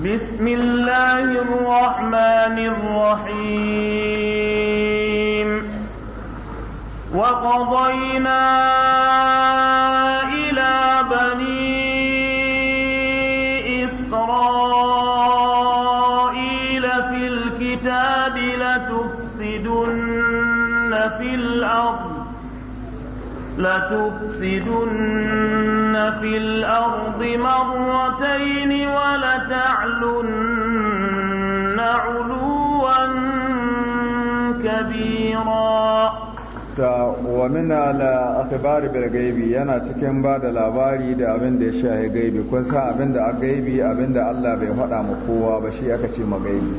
بسم الله الرحمن الرحيم وقضينا إلى بني إسرائيل في الكتاب لتفسدن في الأرض لتفسدن في الأرض مرتين ولتعلن علوا كبيرا ومن على أخبار بالغيبي أنا تكن بعد الأباري دا أبن دا شاه غيبي كنسا أبن دا غيبي أبن دا الله بيهوطا مقوة بشي أكتش مغيبي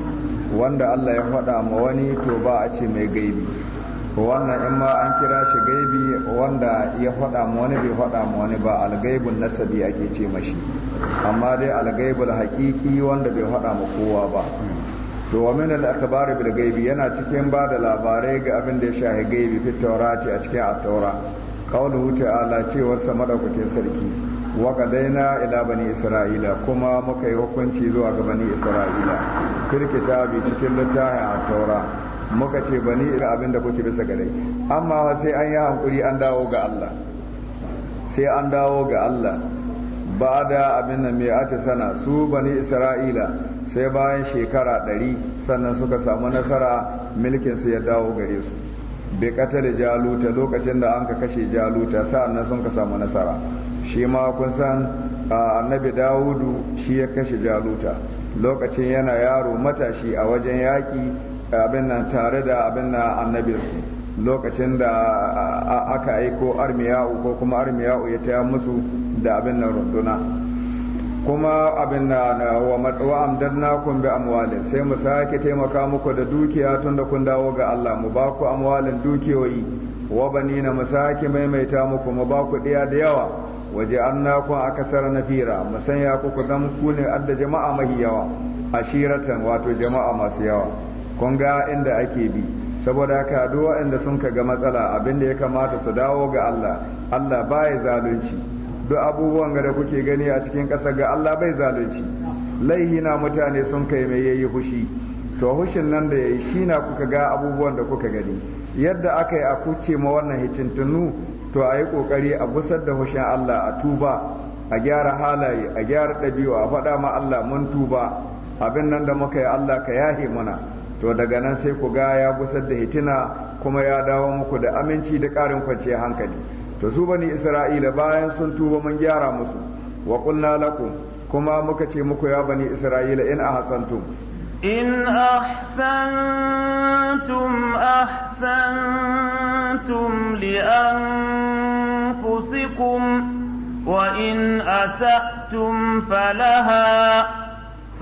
وان دا الله يهوطا مواني توبا أكتش مغيبي wannan in ma an kira shi gaibi wanda ya faɗa wani bai faɗa ma wani ba algaibun nasabi ake ce mashi amma dai algaibul haƙiƙi wanda bai faɗa ma kowa ba to wa min al bil gaibi yana cikin ba da labarai ga abin da ya shahi gaibi fi tawrati a cikin at-taura qawluhu ta'ala ce sama da sarki wa qadaina ila bani isra'ila kuma muka yi hukunci zuwa ga bani isra'ila kirkita bi cikin littafin at-taura muka ce ba ni abin da kuke bisa gare amma sai an yi hankuri an dawo ga Allah sai an dawo ga Allah ba da abin nan mai ata sana su bani isra'ila sai bayan shekara ɗari sannan suka samu nasara milkin su ya dawo gare su bai da jaluta lokacin da an ka kashe jaluta sa'annan sun ka samu nasara shi ma kun san annabi dawudu shi ya kashe jaluta lokacin yana yaro matashi a wajen yaƙi abin nan tare da abin nan annabinsu lokacin da aka aiko armiya'u ko kuma armiya'u ya taya musu da abin nan runduna kuma abin na wa matsawa amdanna kun bi amwalin sai mu sake taimaka muku da dukiya tun da kun dawo ga Allah mu ba ku amwalin dukiyoyi wa bani na mu sake maimaita muku mu ba ku ɗiya da yawa waje an na kun akasar nafira mu sanya ku ku zama ku ne adda jama'a mahi yawa ashiratan wato jama'a masu yawa kun inda ake bi saboda haka duk waɗanda sun ga matsala abinda ya kamata su dawo ga Allah Allah baya zalunci duk abubuwan da kuke gani a cikin ƙasar ga Allah bai zalunci laihi na mutane sun kai mai yayi hushi to hushin nan da yayi shi na kuka ga abubuwan da kuka gani yadda aka yi a kuce ma wannan hicintunu to a yi ƙoƙari a busar da hushin Allah a tuba a gyara halaye a gyara ɗabi'u a faɗa ma Allah mun tuba abin nan da muka yi Allah ka yahe mana to daga nan sai ku ga ya gusar da hitina kuma ya dawo muku da aminci da ƙarin kwanciyar hankali to su bani isra'ila bayan sun tuba mun gyara musu wa qulna lakum kuma muka ce muku ya bani isra'ila in ahsantum ahsantum li anfusikum wa in asatum falaha.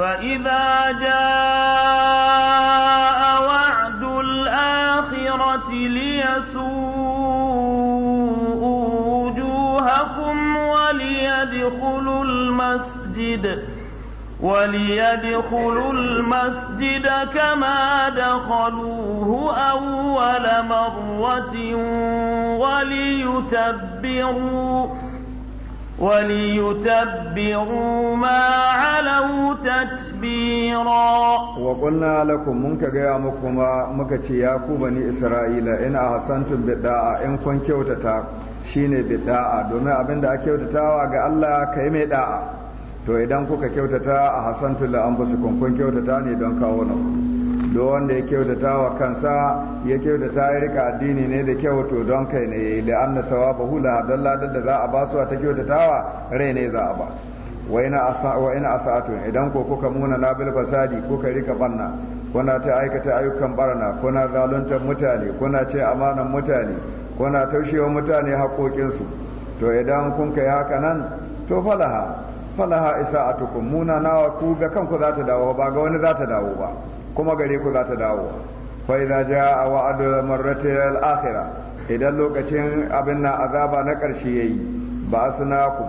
فإذا جاء وعد الآخرة ليسوء وجوهكم وليدخلوا المسجد وليدخلوا المسجد كما دخلوه أول مرة وليتبروا وليتبروا ما علوا تتبيرا وقلنا لكم منك غيا مكما مكتي يا بني إسرائيل إن أحسنتم بالداء إن كن كيوتتا shine bid'a domin abin da ake kyautatawa ga Allah kai mai da'a to idan kuka kyautata a hasantul an basu kun kyautata ne don kawo na duk wanda ya kyautata wa kansa ya kyautata ya rika addini ne da kyau to don kai ne da anna sawabahu la dan ladan da za a basu ta kyautatawa rai ne za a ba wa ina asa wa asatu idan ko kuka muna nabil fasadi ka rika banna kuna ta aikata ayyukan barna kuna zaluntar mutane kuna ce amanan mutane kuna taushewa mutane haƙoƙinsu to idan kun kai haka nan to falaha falaha isa a tukun muna nawa ku ga kanku za ta dawo ba ga wani za ta dawo ba kuma gare ku za ta dawo fa idza jaa wa'du marrati al-akhirah idan lokacin abin na azaba na ya yi ba ku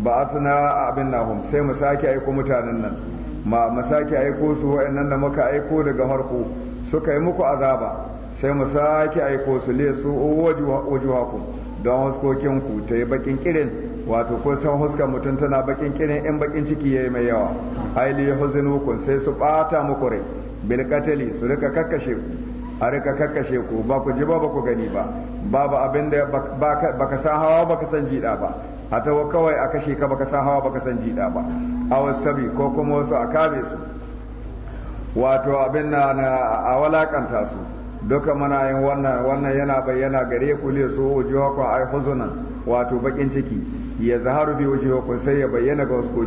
ba suna abin na nahum sai mu sake aiko mutanen nan ma mu sake aiko su wa'annan da muka aiko daga harku suka yi muku azaba sai mu sake aiko su le su ku don huskokinku ta yi bakin kirin wato ko san huskar mutum tana bakin kirin in bakin ciki ya yi mai yawa aili huzunukun sai su bata muku rai bil su rika kakkashe ku a rika kakkashe ku ba ku ji ba ba ku gani ba babu abin da baka san hawa baka san jida ba a tawo kawai a kashe ka baka san hawa baka san jida ba a wasu sabi ko kuma wasu a kame su wato abin na a walakanta su duka mana yin wannan wannan yana bayyana gare ku le so wujuhakum ay huzunan wato bakin ciki ya zaharu bi ku sai ya bayyana ga wasu ku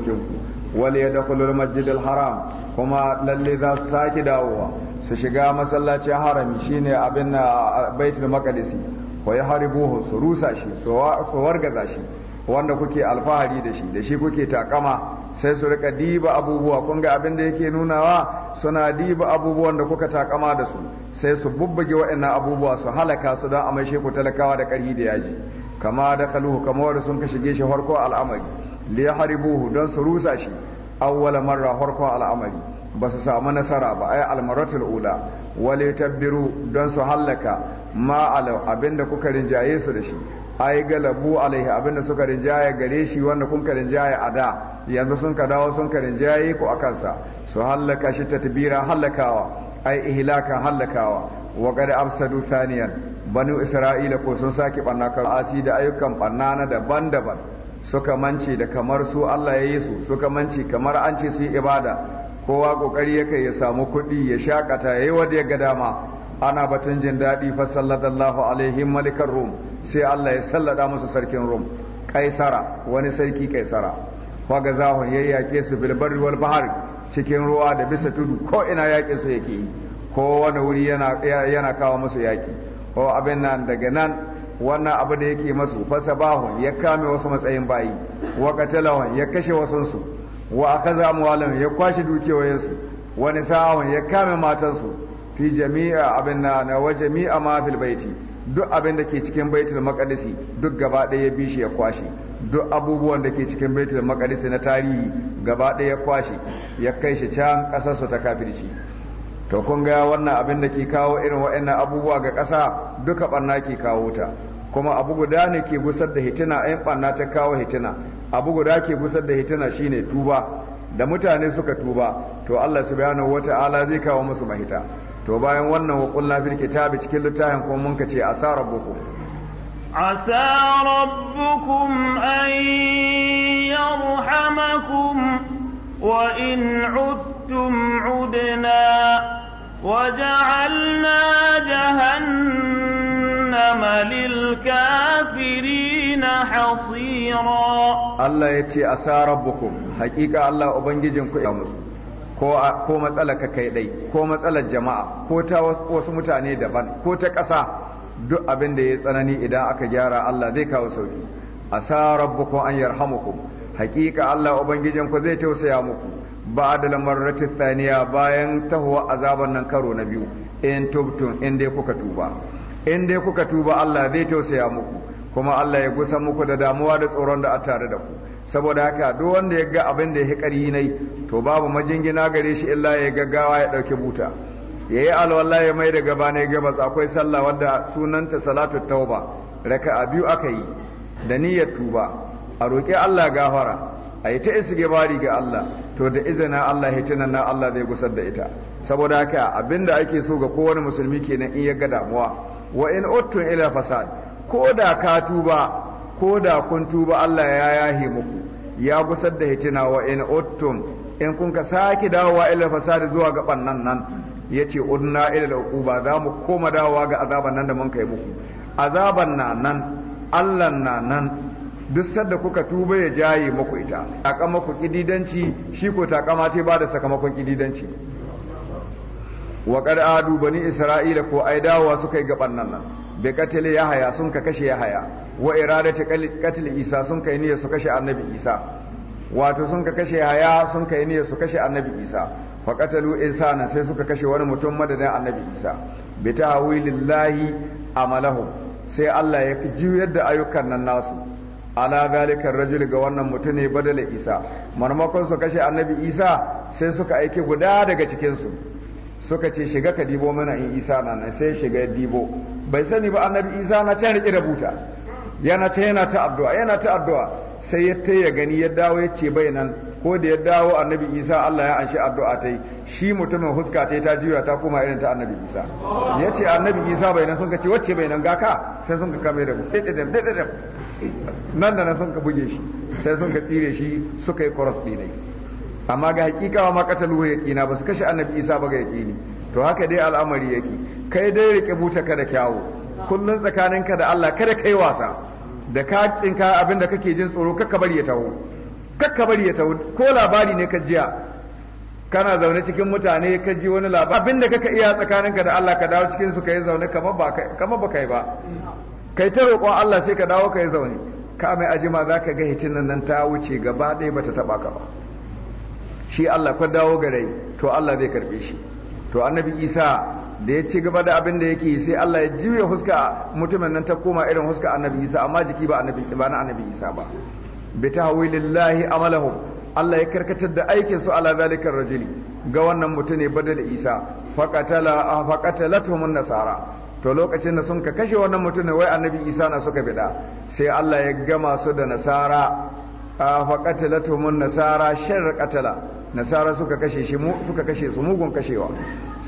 wali ya dakulul masjidil haram kuma lalle za su sake dawowa su shiga masallacin harami shine abin na baitul maqdisi wa ya haribuhu su rusa shi su wargaza shi wanda kuke alfahari da shi da shi kuke takama sai su rika diba abubuwa kun ga abin da yake nunawa suna diba abubuwan da kuka takama da su sai su bubbuge waɗannan abubuwa su halaka su don a maishe ku talakawa da ƙarhi da yaji kama da kaluhu kamar sun ka shige shi harko al'amari li yahribuhu don su rusa shi awwala marra farkon al'amari ba su samu nasara ba ai almaratul ula wale tabbiru don su halaka ma abinda kuka rinjaye su da shi ay galabu alaihi abinda suka rinjaye gare shi wanda kun ka rinjaye a da yanzu sun ka dawo sun ka rinjaye ku a kansa su halaka shi tatbira halakawa ay ihlaka hallakawa wa qad afsadu thaniyan banu isra'ila ko sun saki banna kan asi da ayyukan banna na daban-daban suka mance da kamar su Allah ya yi su suka mance kamar an ce su yi ibada kowa kokari yake ya samu kuɗi ya shakata yayi wanda ya ga dama ana batun jin daɗi fa sallallahu alaihi malikan rum sai Allah ya sallada musu sarkin rum kaisara wani sarki kaisara waga zahun ya yake su bilbarri wal bahar cikin ruwa da bisa tudu ko ina yakin su yake yi ko wani wuri yana kawo musu yaki ko abin nan daga nan wannan abu da yake masu fasa bahu ya kame wasu matsayin bayi wa katalawan ya kashe wasansu wa zamu amwalahum ya kwashe dukiyoyinsu wa nisa'ahum ya kame matansu fi jami'a abin na na wa jami'a ma fil baiti duk abin da ke cikin baitul maqdisi duk gaba ɗaya ya bishi ya kwashe duk abubuwan da ke cikin baitul maqdisi na tarihi gaba ɗaya ya kwashe ya kai shi can ƙasarsu ta kafirci to kun ga wannan abin da ke kawo irin waɗannan abubuwa ga ƙasa duka barna ke kawo ta kuma abu guda ne ke gusar da hitina ayin ɓanna ta kawo hitina abu guda ke gusar da hitina shine tuba da mutane suka tuba to Allah subhanahu wata'ala zai kawo musu mahita to bayan wannan wa qulna fil kitabi cikin littafin kuma mun kace asa rabbukum asa rabbukum an yarhamakum wa in udtum udna وجعلنا جهنم جهنم للكافرين حصيرا الله يتي أسى ربكم حقيقة الله أبنجيجن كو إيامس ko matsalaka kai dai ko matsalar jama'a ko ta wasu mutane daban ko ta ƙasa duk abin da ya tsanani idan aka gyara Allah zai kawo sauki asa rabbukum an yarhamukum haƙiƙa Allah ubangijinku zai tausaya muku ba da lamarratin thaniya bayan tahowa azaban nan karo na biyu in tubtun in dai kuka tuba in dai kuka tuba Allah zai tausaya muku kuma Allah ya gusa muku da damuwa da tsoron da a tare da ku saboda haka duk wanda ya ga abin da ya hikari nai to babu majingina gare shi illa ya gaggawa ya ɗauki buta yayi yi ya mai da gaba ne gabas akwai sallah wadda sunanta salatu tauba raka a biyu aka yi da niyyar tuba a roƙi Allah gafara a yi ta isige bari ga Allah to da izina Allah ya hitinan na Allah zai gusar da ita saboda haka abinda ake so ga kowane musulmi kenan in ya ga damuwa wa in uttun ila fasad ko da ka tuba ko da kun tuba Allah ya yahi muku ya gusar da hitina wa in in kun ka sake dawowa ila fasad zuwa ga bannan nan yace udna ila uquba za mu koma dawowa ga azaban nan da mun kai muku azaban na nan Allah na nan duk sadda kuka tuba ya jaye muku ita takama ku kididanci shi ko takama ce ba da sakamakon kididanci wa qad adu bani isra'ila ko ai dawowa suka yi gaban nan nan bi qatl yahya sun ka kashe yahya wa iradati qatl isa sun kai niyyar su kashe annabi isa wato sun ka kashe yahya sun kai niyyar su kashe annabi isa fa qatalu insana sai suka kashe wani mutum madadin annabi isa bi tahwilillahi amalahu sai Allah ya juyar da ayyukan nan nasu ala zalikar rajul ga wannan mutum ne badala isa marmakon su kashe annabi isa sai suka aiki guda daga cikinsu suka ce shiga ka dibo mana in isa na nan sai shiga ya dibo bai sani ba annabi isa na can riƙe da buta yana ta yana ta addu'a yana ta addu'a sai ya ta ya gani ya dawo ya ce bai nan ko da ya dawo annabi isa allah ya anshi addu'a ta yi shi mutumin huska ta ta juya ta koma irin ta annabi isa ya ce annabi isa bai nan sun ka ce wacce bai nan gaka sai sun ka kame da nan da nan sun ka buge shi sai sun ka tsire shi suka yi kwaras ɗinai amma ga hakika ma makatalu qataluhu na ba su kashe annabi isa ba ga ne to haka dai al'amari yake kai dai rike buta ka da kyawu kullun tsakaninka da Allah kada kai wasa da ka tsinka abin da kake jin tsoro kakka bari ya taho kakka bari ya taho ko labari ne ka jiya kana zaune cikin mutane ka ji wani labari abin da kaka iya tsakaninka da Allah ka dawo cikin su kai zaune kamar ba kamar ba kai ba kai ta roƙon Allah sai ka dawo kai zaune ka mai ajima zaka ga hitin nan ta wuce gaba ɗaya bata taba ka ba shi Allah kwa dawo rai, to Allah zai karbe shi to annabi Isa da ya ci gaba da abin da yake sai Allah ya jiwe huska mutumin nan ta koma irin huska annabi Isa amma jiki ba annabi ba na annabi Isa ba bi tahwilillahi amalahum Allah ya karkatar da aikin su ala zalikar rajuli ga wannan mutune badal Isa faqatala faqatalatuhum nasara to lokacin da sun ka kashe wannan mutumin wai annabi Isa na suka bida sai Allah ya gama su da nasara faqatalatuhum nasara shar qatala nasara suka kashe shi mu suka kashe su mugun kashewa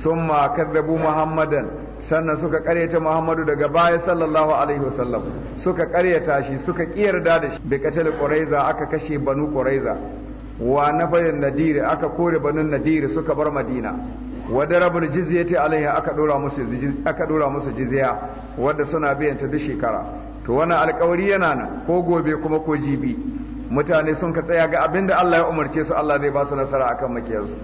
Sun ma kadzabu muhammadan sannan suka karyata muhammadu daga baya sallallahu alaihi wasallam suka karyata shi suka kiyarda da shi bi qatal quraiza aka kashe banu quraiza wa nafarin nadir aka kore banu nadir suka bar madina wa darabul jizyati alaihi aka dora musu aka dora musu jizya wanda suna biyan ta duk shekara to wannan alƙawari yana nan ko gobe kuma ko jibi mutane sun ka tsaya ga abin da Allah ya umarce su Allah zai ba su nasara akan makiyarsu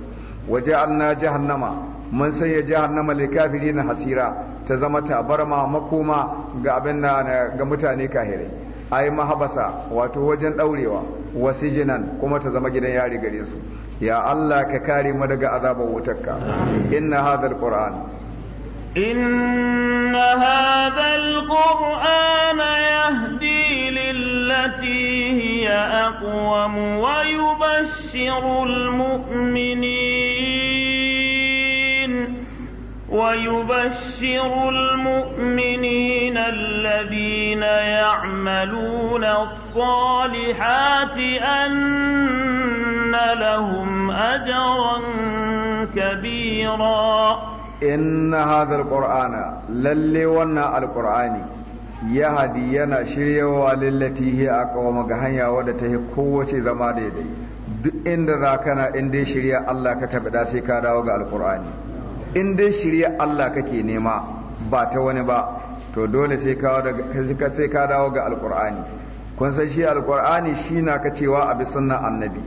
waje anna jahannama mun sanya jahannama lil na hasira ta zama tabarma makoma ga abin da ga mutane kahirai ai mahabasa wato wajen ɗaurewa daurewa jinan kuma ta zama gidan yari gare su ya Allah ka kare mu daga azabar wutarka inna hadha qur'an Inna هذا القرآن يهدي للتي أقوم ويبشر المؤمنين ويبشر المؤمنين الذين يعملون الصالحات أن لهم أجرا كبيرا إن هذا القرآن للي ونا القرآن ya hadi yana shiryawa lillati a aqwama ga hanya wadda ta yi kowace zama daidai duk inda za kana in dai shirya Allah ka tabbata sai ka dawo ga alqur'ani in dai shirya Allah kake nema ba ta wani ba to dole sai ka daga sai ka dawo ga alqur'ani kun san shi alqur'ani shi na ka cewa bi sunnan annabi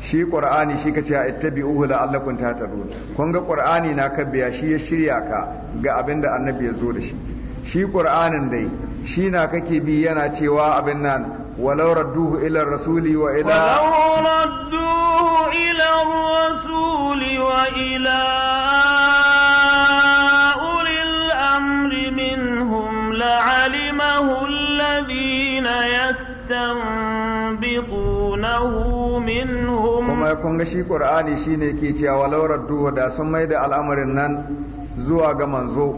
shi qur'ani shi ka a ittabi'uhu la'allakum tahtadun kun ga qur'ani na kabbiya shi ya shirya ka ga abinda annabi ya zo da shi shi qur'anin dai shi na kake bi yana cewa abin nan walau radduhu ila rasuli wa ila kuma kun ga shi qur'ani shine ke cewa walau radduhu da sun maida al'amarin nan zuwa ga manzo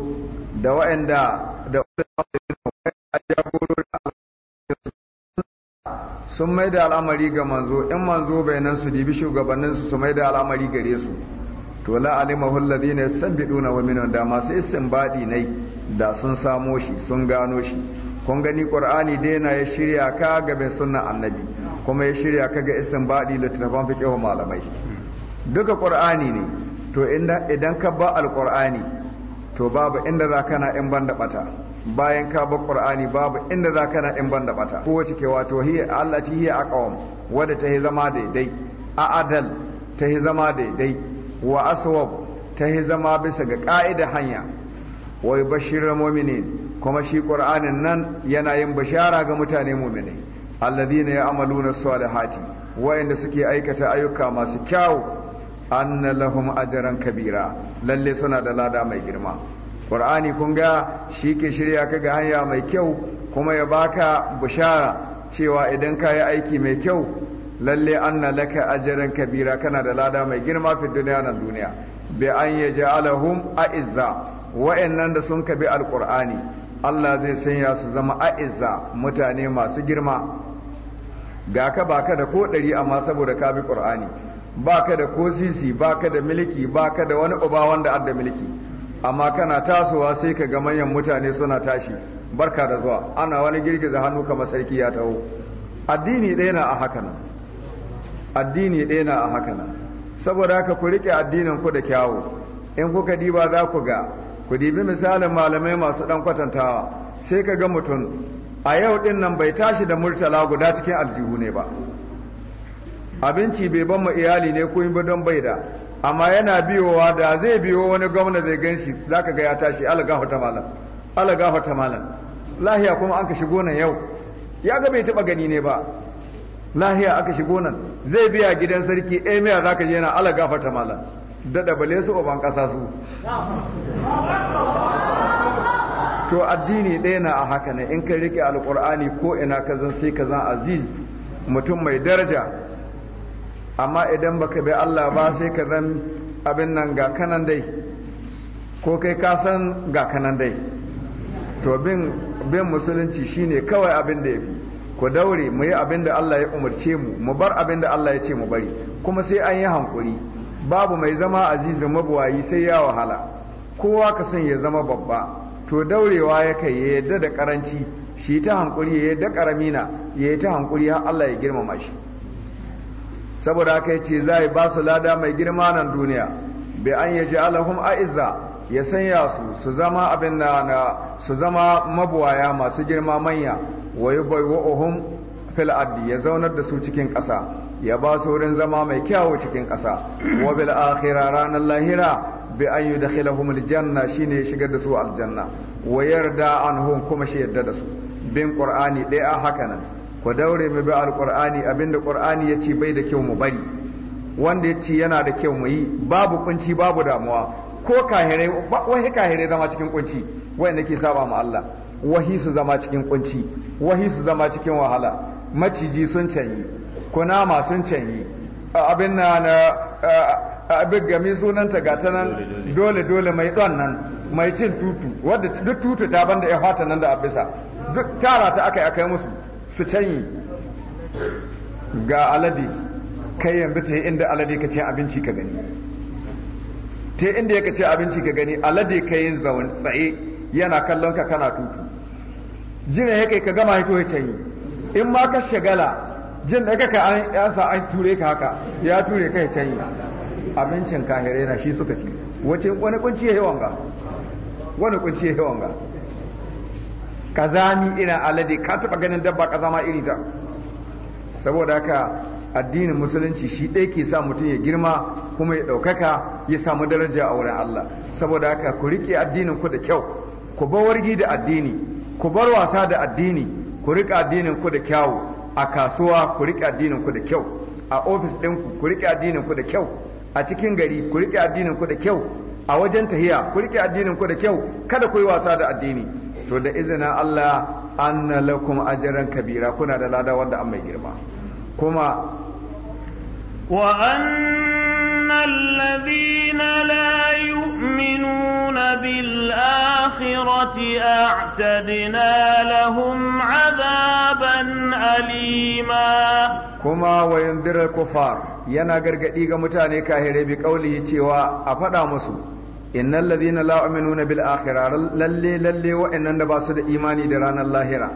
da waɗanda da sun mai da al'amari ga manzo in manzo bai nan su dibi shugabannin su mai da al'amari gare su to la alimahu alladhina yastanbiduna wa minan da masu isin badi nai da sun samo shi sun gano shi kun gani qur'ani dai na ya shirya ka ga bin sunnan annabi kuma ya shirya ka ga badi littafan fiqh malamai duka qur'ani ne to idan ka ba alqur'ani to babu inda za kana in ban da bata bayan ka bi qur'ani babu inda za kana in ban da bata ko wace ke wato hiya allati a aqwam wadda ta zama daidai a adal ta zama daidai wa aswab ta zama bisa ga ka'ida hanya Wai yubashshirul mu'minin kuma shi qur'anin nan yana yin bashara ga mutane mu'minai alladhina ya'maluna salihati wa'inda suke aikata ayyuka masu kyau anna lahum ajran kabira lalle suna da lada mai girma qur'ani kun ga shi ke shirya ka ga hanya mai kyau kuma ya baka bushara cewa idan ka yi aiki mai kyau lalle anna laka ajran kabira kana da lada mai girma fi duniya nan duniya bi an yaj'alahum a'izza wa'annan da sun kabi alqur'ani Allah zai sanya su zama a'izza mutane masu girma ga ka baka da ko ɗari amma saboda ka bi ƙur'ani baka da kosisi sisi baka da miliki baka da wani uba wanda adda miliki amma kana tasowa sai ka ga manyan mutane suna tashi barka da zuwa ana wani girgiza hannu kamar sarki ya taho addini ɗaya na a haka nan addini ɗaya na a haka nan saboda haka ku riƙe addinin ku da kyawu in kuka diba za ku ga ku dibi misalin malamai masu ɗan kwatantawa sai ka ga mutum a yau ɗin nan bai tashi da murtala guda cikin aljihu ne ba abinci bai ban ma iyali ne ko ba don bai da amma yana biyowa da zai biyo wani gwamna zai gan shi ka ga ya tashi ala gafa ta malam ala gafa ta malam lahiya kuma an ka shigo nan yau ya ga bai taba gani ne ba lahiya aka shigo nan zai biya gidan sarki eh, za ka je na ala gafa ta malam da bale su ban kasa su to addini ɗaya na a haka ne in ka rike alqur'ani ko ina ka zan sai ka zan aziz mutum mai daraja amma idan baka bi Allah ba sai ka zan abin nan ga kanan dai ko kai ka san ga kanan dai to bin musulunci shine kawai abin da ya fi ku daure mu yi abin da Allah ya umarce mu mu bar abin da Allah ya ce mu bari kuma sai an yi hankuri babu mai zama azizu mabuwayi sai ya wahala kowa ka san ya zama babba to daurewa ya kai ya yadda da karanci shi ta hankuri ya yadda karamina ya yi ta hankuri har Allah ya girmama shi saboda haka yace zai ba su lada mai girma nan duniya bi an yaj'alahum Aiza ya sanya su su zama abin na su zama mabuwaya masu girma manya wa yubayyuhum fil addi ya zaunar da su cikin ƙasa ya ba su wurin zama mai kyawu cikin ƙasa wa bil akhirah ranar lahira bi an yudkhilahum aljanna shine ya shigar da su aljanna wa yarda anhum kuma shi yarda da su bin qur'ani ɗaya haka nan ku daure mu bi alqur'ani abinda qur'ani yace bai da kyau mu bari wanda yace yana da kyau mu yi babu kunci babu damuwa ko kahire wai kahire zama cikin kunci wai nake saba mu Allah wahi su zama cikin kunci wahi su zama cikin wahala maciji sun canyi kunama sun canyi abin na na abin gami sunanta ga ta nan dole dole mai don nan mai cin tutu wadda duk tutu ta banda ya fata nan da abisa duk tara ta aka yi aka yi musu su canyi ga alade kai yanzu ta yi inda alade ka ce abinci ka gani ta yi inda ya ka ce abinci ka gani alade ka yi zaun tsaye yana kallon ka kana tutu jina ya kai ka gama hito ya canyi in ma ka shagala jin da ka an yasa an ture ka haka ya ture ka ya canyi abincin kahirai na shi suka ci wacce wani kunci ya yi wanga wani kunci ya yi wanga kazami ina alade ka taba ganin dabba ma iri ta saboda haka addinin musulunci shi ɗaya ke sa mutum ya girma kuma ya ɗaukaka ya samu daraja a wurin Allah saboda haka ku riƙe addinin ku da kyau ku bar wargi da addini ku bar wasa da addini ku riƙe addinin ku da kyau a kasuwa ku riƙe addinin ku da kyau a ofis ɗinku ku riƙe addinin ku da kyau a cikin gari ku riƙe addinin ku da kyau a wajen tahiya ku riƙe addinin ku da kyau kada ku yi wasa da addini to da izina Allah an lakum ajran kabira kuna da lada wanda an mai girma kuma wa anna alladhina la yu'minuna bil akhirati a'tadna lahum adaban alima kuma wa yundiral kufar yana gargadi ga mutane kahire bi kauli cewa a fada musu Innan ladhina la yu'minuna bil akhirah lalle lalle wa'annan da ba su da imani da ranar lahira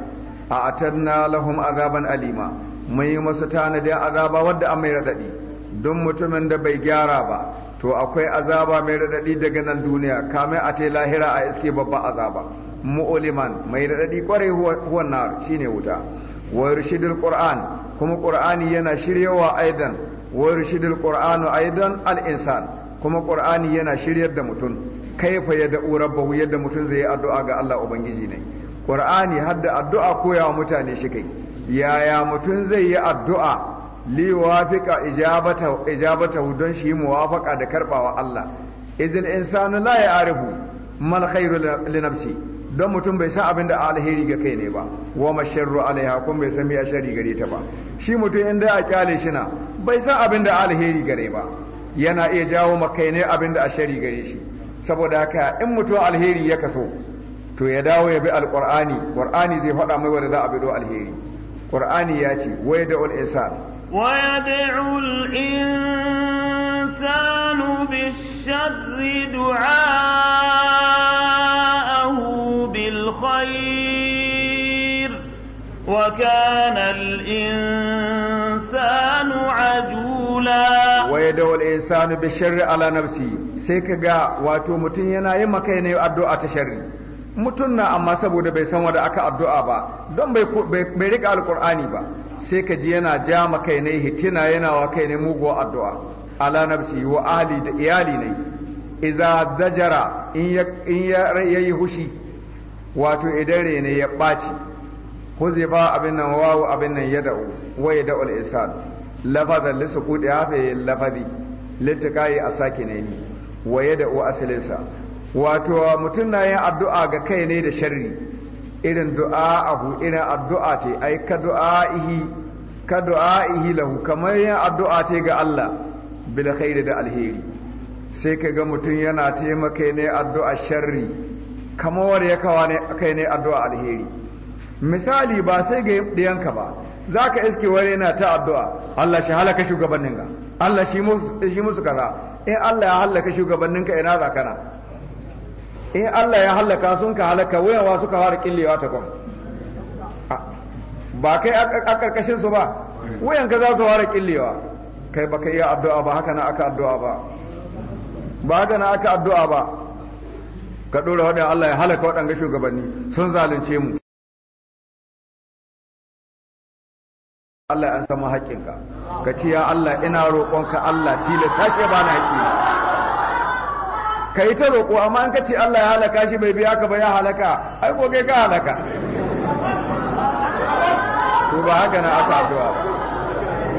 a atanna lahum azaban alima mai masu tanadi azaba wadda an mai radadi don mutumin da bai gyara ba to akwai azaba mai radadi daga nan duniya kamar a tai lahira a iske babban azaba Mu'uliman mai radadi kwarai huwan nar shine wuta wa irshidul qur'an kuma qur'ani yana shiryawa aidan wa irshidul qur'anu aidan al insan kuma qur'ani yana shiryar da mutum kaifa yad'u rabbahu yadda mutum zai yi addu'a ga Allah ubangiji ne qur'ani da addu'a koyawa mutane shi kai yaya mutum zai yi addu'a li wafiqa ijabata don shi yi muwafaqa da karbawa Allah izil insanu la ya'rifu mal khairu li nafsi don mutum bai san abin da alheri ga kai ne ba wa masharru alaiha kun bai san me shari gare ta ba shi mutum inda a kyale shi na bai san abin da alheri gare ba yana iya jawo makai ne abin da a shari gare shi saboda haka in mutum alheri ya kaso to ya dawo ya bi alqur'ani qur'ani zai faɗa mai wanda za a bido alheri qur'ani ya ce wai da ul'isan waya da ul'insanu bi sharri du'a'ahu bil khair wa kana al insanu ajula ya wal insanu bi sharri ala nafsi sai kaga wato mutum yana yin makai ne addu'a ta sharri mutum na amma saboda bai san wanda aka addu'a ba don bai rika alqur'ani ba sai ka ji yana ja makai ne hitina yana wa kai ne mugo addu'a ala nafsi wa ahli da iyali ne idza zajara in ya in yayi hushi wato idan rene ya baci ba abin nan wawo abin nan da'u wa yada'ul insanu lafazan lissa kuɗi hafe lafazi yi a sake ne ni waye da asalinsa wato mutum na yin addu'a ga kai ne da sharri irin du'a ahu irin addu'a ce ai ka ihi ka ihi lahu kamar yin addu'a ce ga Allah bil khairi da alheri sai ka ga mutum yana taimaka ne addu'a sharri kamar ya kawa kai ne addu'a alheri misali ba sai ga ɗiyanka ba za ka iske wani yana ta addu'a Allah shi halaka shugabannin ka Allah shi musu kaza in Allah ya halaka shugabannin ka ina za kana in Allah ya halaka sun ka halaka wayawa suka fara killewa ta kwan ba kai a karkashin su ba wayan ka za su fara killewa kai baka iya addu'a ba haka na aka addu'a ba ba haka na aka addu'a ba ka dora wadanda Allah ya halaka wadanda shugabanni sun zalunce mu Allah ya samu haƙƙinka ka ce ya Allah ina roƙonka Allah tilasta ba bani haƙi ka yi ta roƙo amma an ka ce Allah ya halaka shi bai biya ka ba ya halaka ai ko kai ka halaka to ba haka na aka addu'a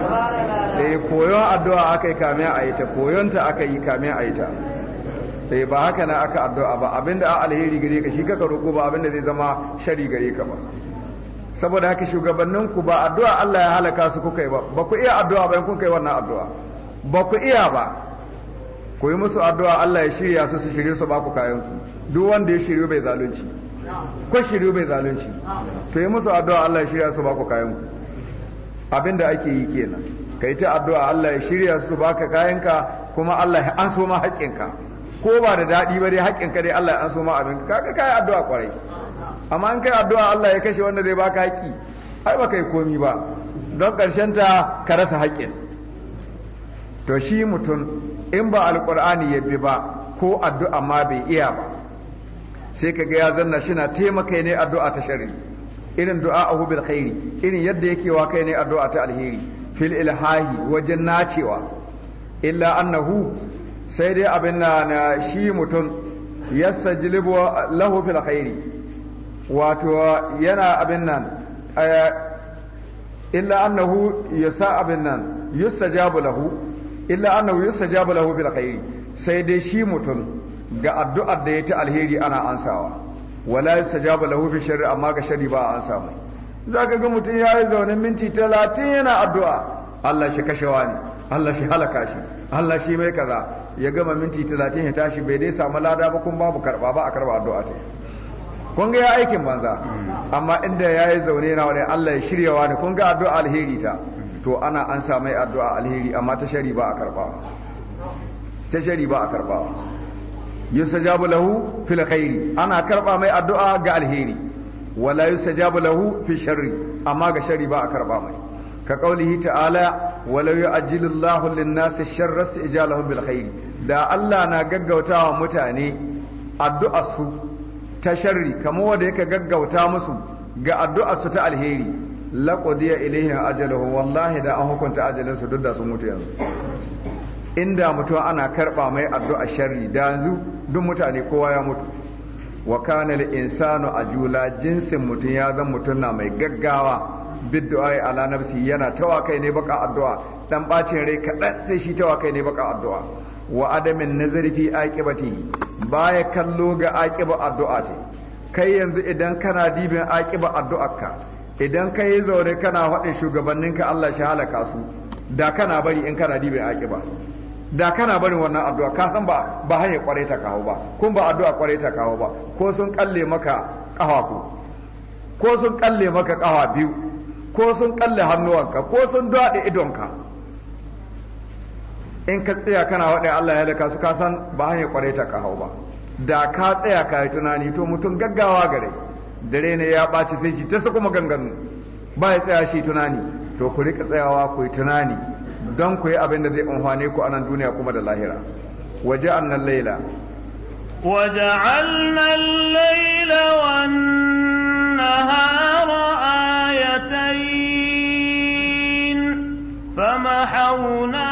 ba eh koyon addu'a aka yi kamin a yi ta koyon ta aka yi kamin a yi ta sai ba haka na aka addu'a ba abinda a alheri gare ka shi kaka roƙo ba abinda zai zama shari gare ka ba saboda haka shugabanninku ba addu'a Allah ya halaka su kuka yi ba ba ku iya addu'a ba kun kai wannan addu'a ba ku iya ba ku yi musu addu'a Allah ya shirya su su shirye su ba ku kayan ku duk wanda ya shirye bai zalunci ko shirye bai zalunci to yi musu addu'a Allah ya shirya su ba ku kayan ku abinda ake yi kenan kai ta addu'a Allah ya shirya su baka kayan ka kuma Allah ya an so ma haƙƙinka ko ba da daɗi ba dai haƙƙinka dai Allah ya an so ma abin ka kaga kai addu'a kwarai amma an kai addu'a Allah ya kashe wanda zai baka haƙi ai baka yi komi ba don ƙarshen ta ka rasa haƙƙin to shi mutum in ba alƙur'ani ya bi ba ko addu'a ma bai iya ba sai ka ga ya zanna shi na taimaka ne addu'a ta shari irin du'a a hubil khairi irin yadda yake wa kai ne addu'a ta alheri fil ilhahi wajen nacewa illa annahu sai dai abin na shi mutum yasajlibu lahu fil khairi wato yana abin nan illa annahu yasa abin nan yusajabu lahu illa annahu yusajabu lahu bil khairi sai dai shi mutum ga addu'ar da ya alheri ana ansawa wala yusajabu lahu bi sharri amma ga sharri ba an samu zaka ga mutum yayi zaune minti 30 yana addu'a Allah shi kashewa ne Allah shi halaka shi Allah shi mai kaza ya gama minti 30 ya tashi bai dai samu lada ba kun babu karba ba a karba addu'a ta kun ga ya aikin banza amma inda ya yi zaune na wani Allah ya shiryawa ne kun ga addu'a alheri ta to ana an mai addu'a alheri amma ta shari ba a karba ta shari ba a karba yusajabu lahu fil khairi ana karba mai addu'a ga alheri wala yusajabu lahu fi sharri amma ga shari ba a karba mai ka qaulihi ta'ala wala yu'ajjilu Allahu lin-nasi sharra ijalahu bil khairi da Allah na gaggautawa mutane addu'a su ta sharri kamar wanda yake gaggauta musu ga addu'a su ta alheri laqudiya ilaihim ajaluhu wallahi da an hukunta ajalin su duk da sun mutu yanzu inda mutum ana karba mai addu'a sharri da yanzu duk mutane kowa ya mutu wa kana al-insanu ajula jinsin mutum ya zan mutum na mai gaggawa biddu'a ala nafsi yana tawakai ne baka addu'a dan bacin rai kadan sai shi tawakai ne baka addu'a wa adamin nazari fi ba baya kallo ga aqiba addu'a ta kai yanzu idan kana dibin aqiba ka, idan kai zaure kana faɗin ka Allah shi halaka su da kana bari in kana dibin aqiba da kana barin wannan addu'a ka san ba ba hanyar kware ta kawo ba kun ba addu'a kware ta kawo ba ko sun kalle maka kafa ko sun kalle maka kafa biyu ko sun kalle hannuwanka ko sun dade idonka in ka tsaya kana waɗai Allah ya halaka su ka san ba hanyar kwarai ta hau ba da ka tsaya ka yi tunani to mutum gaggawa gare dare ne ya ɓaci sai shi ta su kuma ganganu ba ya tsaya shi tunani to ku rika tsayawa ku yi tunani don ku yi abin da zai amfane ku a duniya kuma da lahira waje nan laila وجعلنا الليل والنهار آيتين فمحونا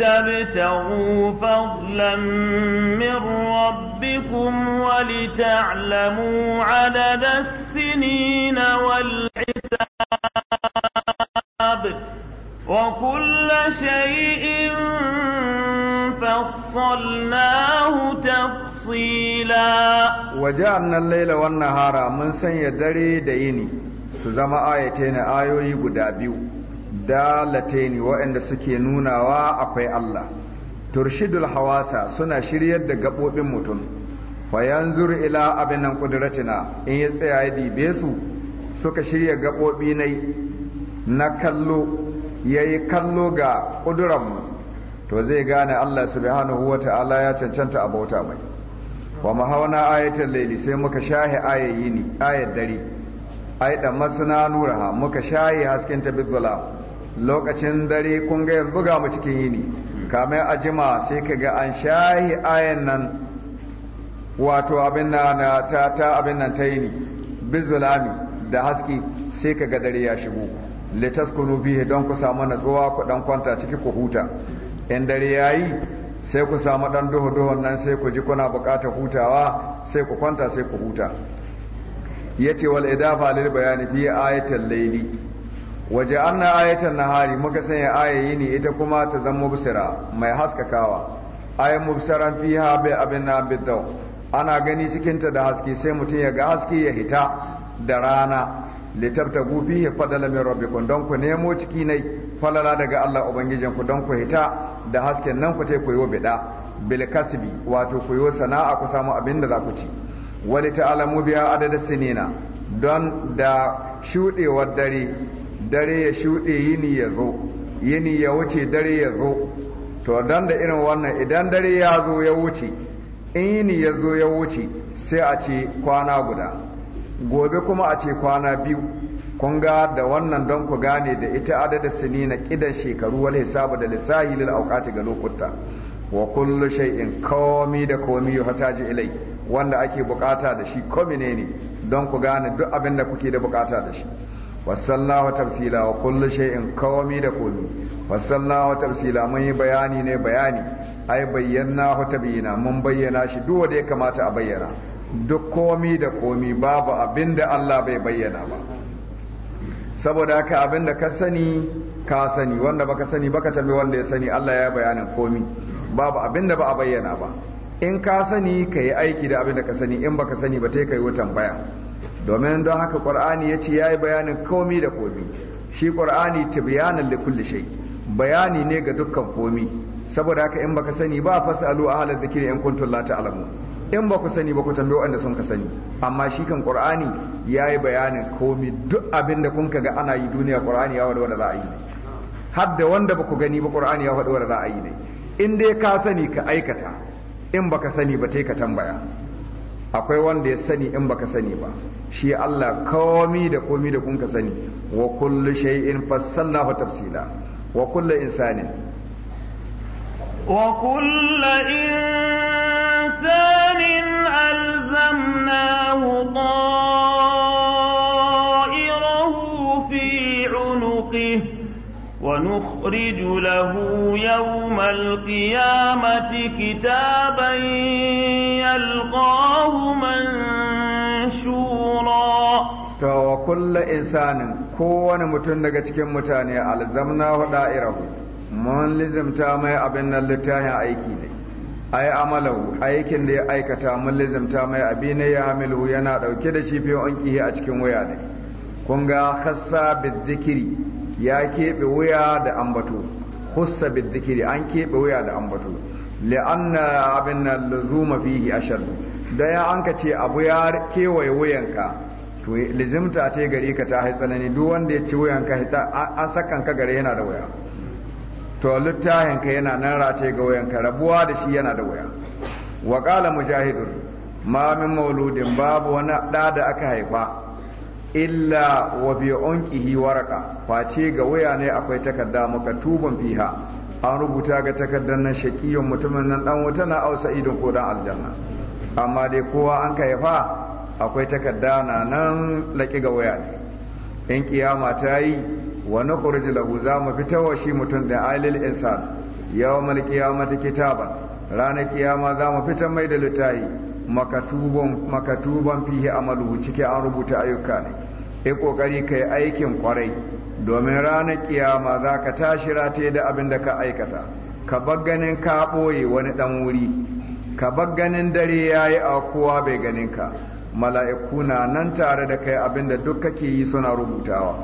لتبتغوا فضلا من ربكم ولتعلموا عدد السنين والحساب وكل شيء فصلناه تفصيلا وجعلنا الليل والنهار من سن يدري ديني su آيتين آيوي قدابيو dalataini waɗanda suke nunawa akwai Allah turshidul hawasa suna shiryar da gaɓoɓin mutum fayanzur ila abin nan ƙudiratina in ya tsaya ya dibe su suka shirya gaɓoɓi nai na kallo ya yi kallo ga mu. to zai gane Allah subhanahu wa ta'ala ya cancanta a bauta mai wa mahauna ayatul laili sai muka shahi ayayi dare ai da masana nuraha muka shahi hasken ta lokacin dare kun ga yanzu buga mu cikin yini kamar a jima sai ka ga an shahi ayan nan wato abin na ta ta abin nan ta yini bizulami da haske sai kaga dare ya shigo kunu bihi don ku samu natsuwa ku dan kwanta ciki ku huta in dare yayi sai ku samu dan duhu duhun nan sai ku ji kuna bukatar hutawa sai ku kwanta sai ku huta yace wal idafa lil bayani fi ayatul layli waje an na ayatan nahari muka sanya ayayi ne ita kuma ta zan mubsira mai haskakawa ayan fi fiha bai abin na bidau ana gani cikinta da haske sai mutum ya ga haske ya hita da rana litabta gufi ya fadala min rabbikum don ku nemo ciki nai falala daga Allah ubangijin ku don ku hita da hasken nan ku tai ku yi bida bil wato ku sana'a ku samu abin da za ku ci wali ta'alamu biya adadin sinina don da shudewar dare dare ya shuɗe yini ya zo yini ya wuce dare ya zo to don da irin wannan idan dare ya zo ya wuce in yini ya zo ya wuce sai a ce kwana guda gobe kuma a ce kwana biyu kun ga da wannan don ku gane da ita adada sini na kidan shekaru wal hisabu da lissahi lil auqati ga lokuta wa kullu shay'in komi da komi ji ilai wanda ake bukata da shi komi ne ne don ku gane duk abin da kuke da bukata da shi wa tafsila wa kullu shay'in kawami da kullu wa tafsila mun yi bayani ne bayani ai bayyana hu tabina mun bayyana shi duk wanda ya kamata a bayyana duk komi da komi babu abinda Allah bai bayyana ba saboda haka abinda ka sani ka sani wanda baka sani baka tambayi wanda ya sani Allah ya bayanin komi babu abinda ba a bayyana ba in ka sani ka yi aiki da abinda ka sani in baka sani ba ta yi ka yi wutan baya domin don haka ya ce ya yi bayanin komi da komi shi ƙur'ani tibyanan da kulle shai bayani ne ga dukkan komi saboda haka in baka sani ba a halar da kiri yan kuntun lati alamu in ba ku sani ba ku tambayi wanda sun ka sani amma shi kan ya yi bayanin komi duk abin da kun ga ana yi duniya ƙwar'ani ya wada wanda za ne har da wanda ba ku gani ba ƙwar'ani ya wada wanda za a ne in dai ka sani ka aikata in baka sani ba tai ka tambaya akwai wanda ya sani in baka sani ba shi Allah komi da komi da kun ka sani wa kullu shay'in fassalahu tafsila wa kullu insanin wa kullu insanin alzamnahu ta'irahu fi 'unuqihi ونخرج له يوم القيامة كتابا يلقاه منشورا دحورا to kulla insanin kowane mutum daga cikin mutane alzamna da'irahu mun lizimta mai abin nan littafin aiki ne ai amalahu aikin da ya aikata mun lizimta mai abin ne ya hamilu yana dauke da shi fiye ankihi a cikin waya ne kun ga khassa bidzikiri ya keɓe waya da ambato khussa bidzikiri an keɓe waya da ambato li'anna abin nan luzuma fihi ashaddu da ya an ka ce abu ya kewaye wuyanka to lizimta ta gare ka ta haitsanani duk wanda ya ci wuyanka a sakan ka gare yana da wuya to littafin ka yana nan rataye ga wuyanka rabuwa da shi yana da waya. wa qala mujahidun ma min mauludin babu wani da da aka haifa illa wa bi unqihi waraka face ga wuya ne akwai takarda maka tuban fiha an rubuta ga takardar nan shaqiyyun mutumin nan dan wuta na ausa idin ko dan aljanna amma dai kowa an ka fa akwai takarda na nan laƙi ga waya ne in kiyama ta yi wa kurji lahu za mu fita wa shi mutum da ailil insan yawmal mata kitaba ranar kiyama za mu fita mai da littafi makatuban makatuban fihi amalu cike an rubuta ayyuka ne ƙoƙari kokari yi aikin kwarai domin ranar kiyama za ka tashi rataye da abin da ka aikata ka bar ganin ka ɓoye wani ɗan wuri ka bar ganin dare ya yi a kowa bai ganin ka mala'iku na nan tare da kai abinda duk kake yi suna rubutawa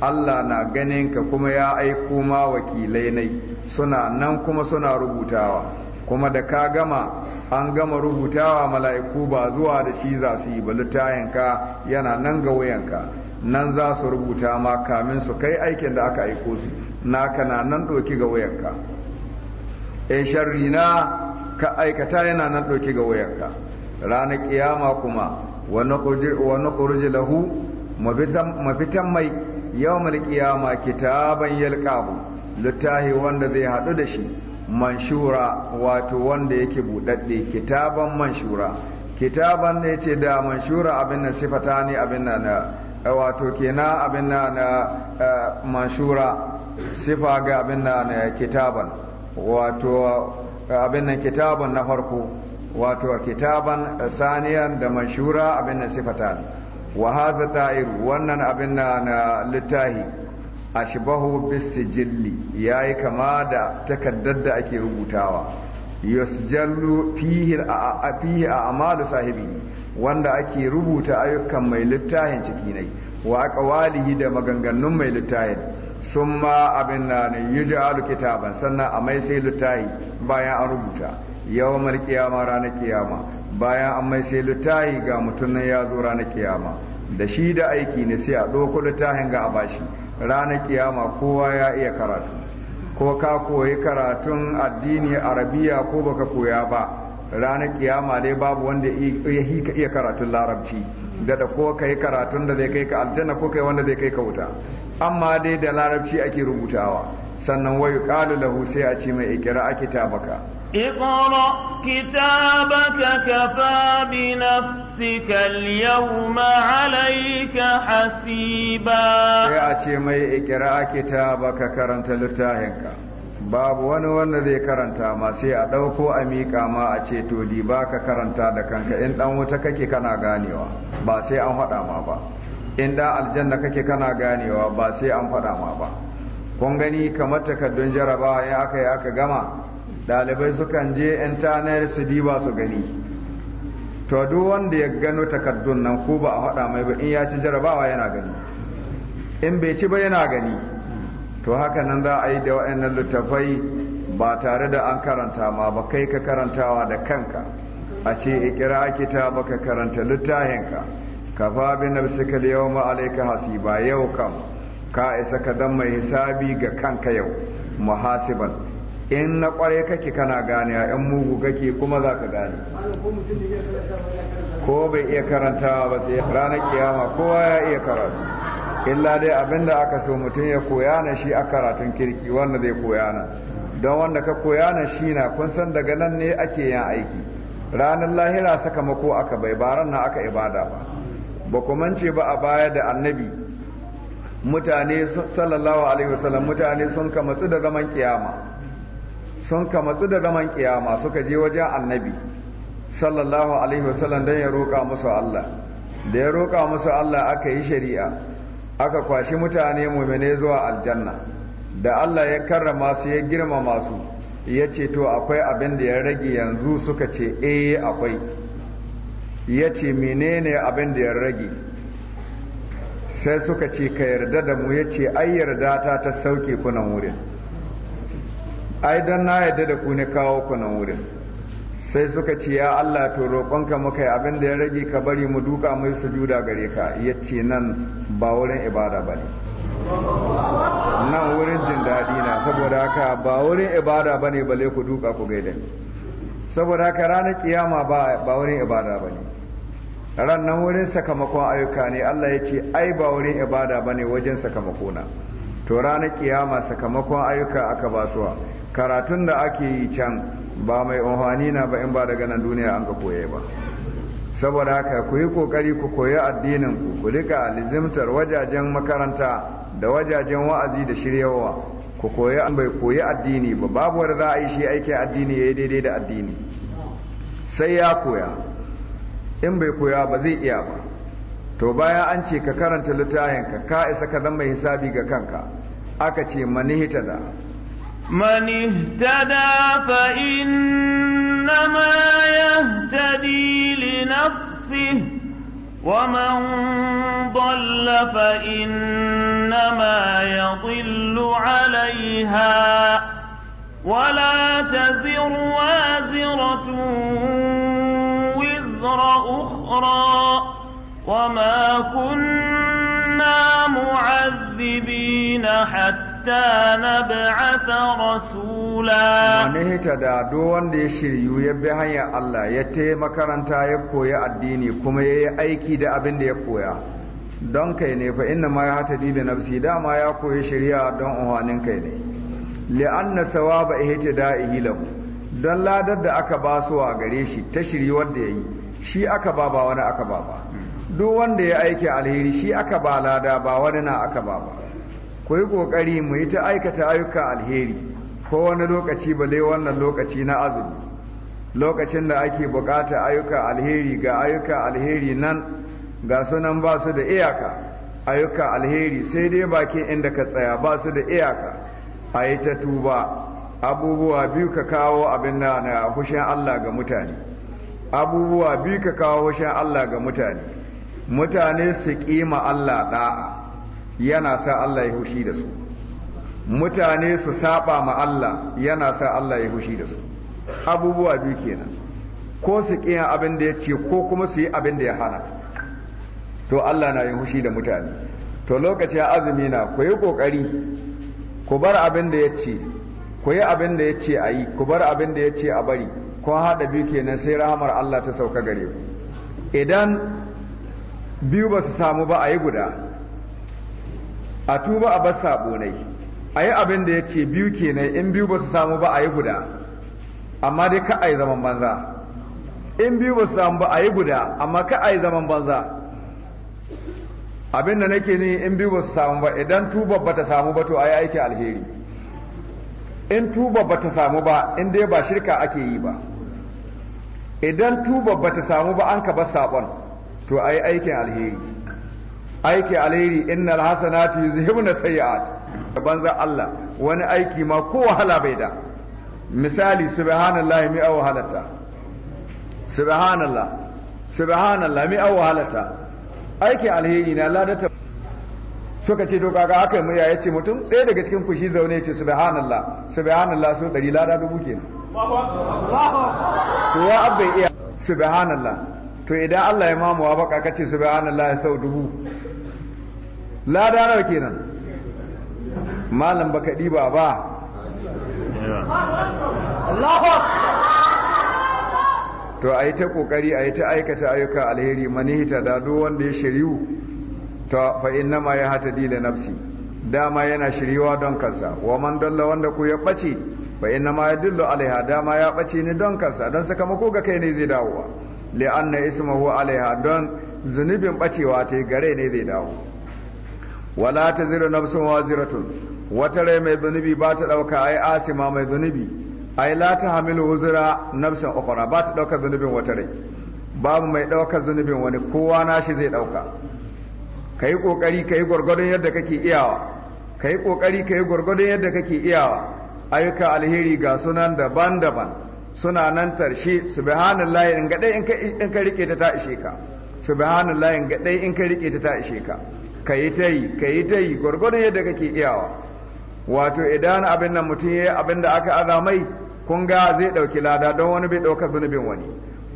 Allah na ganin ka kuma ya aiko ma wakilai nai suna nan kuma suna rubutawa kuma da ka gama an gama rubutawa mala'iku ba zuwa da shi za su yi ba yanka yana nan ga wuyanka nan za su rubuta ma kamin su kai aikin da aka aiko su naka na nan ɗoki ga wuyanka in eh, sharri ka aikata yana nan ɗauke ga wayarka ranar kiyama kuma wani kurji lahu mafitan mai yawon ƙiyama kitaban yalkahu littahi wanda zai haɗu da shi manshura wato wanda yake buɗaɗɗe kitaban manshura kitaban ne ce da manshura abin na sifata ne abin na na eh, wato kenan abin na na eh, eh, manshura sifa ga abin na na kitaban wato abin nan kitabun na farko wato kitaban saniyan da manshura abin nan sifata wa haza ta'ir wannan abin na littahi ashbahu ya yayi kama da takardar da ake rubutawa yusjallu fihi a fihi a'malu sahibi wanda ake rubuta ayyukan mai littahin ciki ne wa walihi da maganganun mai littahin sun ma abin na ne yi ji alu kitaban sannan a mai sai lutahi bayan an rubuta yawon kiyama ranar kiyama bayan an mai sai lutahi ga mutum nan ya zo ranar kiyama da shi da aiki ne sai a ɗauko lutahin ga Abashi ranar kiyama kowa ya iya karatu ko ka koyi karatun addini arabiya ko baka koya ba ranar kiyama dai babu wanda ya iya karatun larabci da da ko ka yi karatun da zai kai ka aljanna ko kai wanda zai kai ka wuta amma dai da larabci ake rubutawa sannan wayu qalu lahu sai a ce mai ikra kitabaka اقرأ كتابك كفى بنفسك اليوم عليك Sai a ce mai ikra kitabaka karanta littafinka babu wani wanda zai karanta ma sai a ɗauko a miƙa ma a ce to di ba ka karanta da kanka in ɗan wuta kake kana ganewa ba sai an haɗa ma ba inda aljanna kake kana ganewa ba sai an faɗa ma ba kun gani kamar takardun jarabawa ya aka yi aka gama ɗalibai sukan je intanet su diba su gani to duk wanda ya gano takardun nan ko ba a faɗa mai ba in ya ci jarabawa yana gani in bai ci ba yana gani to haka nan za a yi da wa'annan littafai ba tare da an karanta ma ba kai ka karantawa da kanka a ce ikira kita ka karanta littafinka kafa bi nafsika al-yawma alayka hasiba yau kam ka isa ka dan mai hisabi ga kanka yau muhasiban in na kware kake kana gane a yan mugu kake kuma za ka gane ko bai iya karantawa ba sai ranar kiyama kowa ya iya karatu illa dai abinda aka so mutum ya koya na shi a karatun kirki wanda zai koya na don wanda ka koya na shi na kun san daga nan ne ake yin aiki ranar lahira sakamako aka bai baran na aka ibada ba ba ku mance ba a baya da annabi mutane sallallahu alaihi wasallam mutane sun kamatsu da zaman kiyama sun kamatsu da zaman kiyama suka je wajen annabi sallallahu alaihi wasallam don ya roƙa musu Allah da ya roƙa musu Allah aka yi shari'a aka kwashi mutane mumine zuwa aljanna da Allah ya karrama su ya girma masu ya ce to akwai abin da ya rage yanzu suka ce eh akwai ya ce menene abin da ya rage sai suka ce ka yarda da mu ya ce ai yarda ta ta sauke kunan wurin ai don na yarda da ku ne kawo kunan wurin sai suka ce ya Allah to roƙonka muka yi abin da ya rage ka bari mu duka mai sujuda gare ka ya ce nan ba wurin ibada ba ne nan wurin jin daɗi na saboda haka ba wurin ibada ba ne bale ku duka ku gaida ni saboda haka ranar kiyama ba wurin ibada ba ne ranar wurin sakamakon ayyuka ne Allah ya ce ai ba wurin ibada ba ne wajen sakamakona to ranar kiyama sakamakon ayyuka aka basuwa karatun da ake yi can ba mai unhwani na ba in ba daga nan duniya an ka koye ba saboda haka ku yi kokari ku koyi addinin ku ku rika lizimtar wajajen makaranta da wajajen wa'azi da shiryawa ku koyi an bai koyi addini ba babu wanda za a yi shi aikin addini ya yi daidai da addini sai ya koya in bai koya ba zai iya ba to bayan an ce ka karanta littafin ka ka isa ka zama hisabi ga kanka aka ce manihita da من اهتدى yahtadi li nafsihi ومن ضل فإنما يضل عليها ولا تزر وازرة وزر أخرى وما كنا معذبين حتى حتى rasula رسولا من da wanda ya shiryu ya bi hanyar Allah ya ta makaranta ya koya addini kuma ya yi aiki da abin da ya koya don kai ne fa inna ma ya hata da nafsi dama ya koyi shari'a don umarnin kai ne li'anna sawaba ihtida'ihi lahu don ladar da aka ba su a gare shi ta wanda ya yayi shi aka ba ba wani aka ba ba duk wanda ya aiki alheri shi aka ba lada ba wani na aka ba ba ku yi ƙoƙari mu yi ta aikata ayyuka alheri ko wani lokaci ba dai wannan lokaci na azumi lokacin da ake buƙata ayyuka alheri ga ayyuka alheri nan ga sunan ba su da iyaka ayyuka alheri sai dai bakin inda ka tsaya ba su da iyaka a yi ta tuba abubuwa biyu ka kawo abin da na hushen Allah ga mutane abubuwa biyu ka kawo hushen Allah ga mutane mutane su kima Allah ɗa'a. yana sa Allah ya hushi da su mutane su saba ma Allah yana sa Allah ya hushi da su abubuwa biyu kenan ko su kiyan abin da ya ce ko kuma su yi abin da ya hana to Allah na yin hushi da mutane to ya azumi na ku yi kokari ku bar abin da ya ce ku yi abin da ya ce a yi ku bar abin da ya ce a bari kun haɗa biyu kenan sai rahamar Allah ta sauka gare ku idan biyu ba su samu ba a yi guda a tuba a bar sabonai nai a yi abin da ya ce biyu kenan in biyu ba su samu ba a yi guda amma dai ka a yi zaman banza in biyu ba su samu ba a yi guda amma ka a yi zaman banza abin da nake ni in biyu ba su samu ba idan tuba ba ta samu ba to a yi aiki alheri in tuba ba ta samu ba in dai ba shirka ake yi ba idan tuba ba ta samu ba an ka bar sabon to a yi aikin alheri aiki alheri innal hasanati yuzhibuna sayiat banza Allah wani aiki ma ko wahala bai da misali subhanallahi mi aw halata subhanallah subhanallah mi aw halata aiki alheri na ladata suka ce to kaga aka yi murya yace mutum ɗaya daga cikin kushi zaune yace subhanallah subhanallah so ɗari lada dubu kenan to ya abbai iya subhanallah to idan Allah ya mamuwa baka kace subhanallah ya sau dubu lada nawa kenan malam baka ɗiba ba to a yi ta ƙoƙari a yi ta aikata ayyuka alheri manihita da duk wanda ya shiryu fa inna ma ya hata dila nafsi dama yana shiryuwa don kansa wa man dalla wanda ku ya ɓace inna ma ya dillo alaiha dama ya ɓace ni don kansa don sakamako ga kai ne zai dawo dawowa li'anna ismuhu alaiha don zunubin ɓacewa ta gare ne zai dawo wala ta zira wa ziratun wata rai mai zunubi ba ta ɗauka ai asima mai zunubi ai la ta hamilu na nafsin ukhra ba ta ɗauka zunubin wata rai babu mai ɗaukar zunubin wani kowa na shi zai ɗauka ka yi ƙoƙari ka yi gwargwadon yadda kake iyawa ka yi ƙoƙari ka yi gwargwadon yadda kake iyawa ayyuka alheri ga sunan daban-daban suna nan tarshe subhanallahi in ga in ka rike ta ta ishe ka subhanallahi in ga in ka rike ta ta ishe ka ka yi ta yi ka yi ta yi gwargwadon yadda kake iyawa wato idan abin nan mutum ya yi abin da aka azamai kun ga zai ɗauki lada don wani bai ɗaukar zunubin wani